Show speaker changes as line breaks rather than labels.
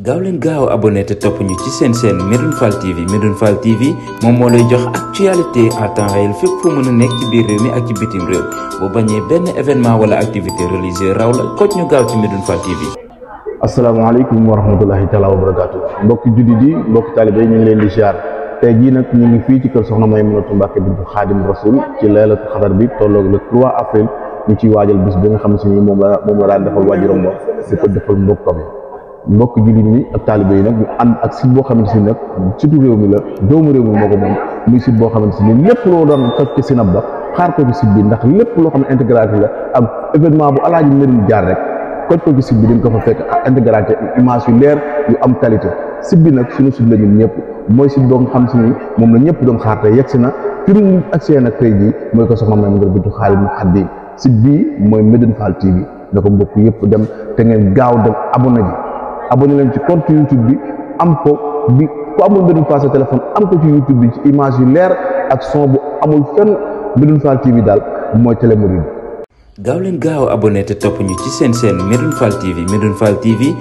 gaaw leen gaaw a te topp ñu ci seen seen Medoune Fall TV Medoune Fall TV moom moo lay jox actualité en temps réel fépp mën a nekk ci biir réew mi ak bitim réew boo bañee benn événement wala activité religieux raw la koc ñu gaaw ci Medoune Fall TV.
asalaamaaleykum wa rahmatulahi taala wa barakaatu mbokki juddi di mbokki taalibe ñu ngi leen di ziar tey jii nag ñu ngi fii ci kër Soxna Maymunatu Mbàkke bintu Xaadim bi tolloog le 3 avril ñu ciy bi nga xam ne si moom la moom mbokk jullit ñi ak taalibe yi nag ñu ànd ak site boo xam xamante si nag surtout réew mi la doomu réew mi moo ko moom muy site boo si ni lépp doon toj ci sinab ba bi ndax lépp loo xam ne intégralité la ak événement bu alaaji Medoune jaar rek koj ko ci site bi dañ ko fa fekk ak intégralité leer am qualité site bi nag suñu site la ñun ñëpp mooy site boo xam si ni moom la ñëpp doon xaar te yegg si na fi mu ak seen mooy ko soxna Mame Ngor Bintu Xaadim mu xaddi site mooy Medoune Fall TV na ko mbokk yëpp dem te ngeen gaaw dem abonné ji abonné leen ci compte YouTube bi am ko bi ku amul Medoune Fall sa téléphone am ko ci YouTube bi ci image yu leer ak son bu amul fenn mu Fall TV daal mooy télé Medoune.
gaaw leen gaaw abonné te topp ñu ci seen seen Medoune Fall TV Medoune Fall TV.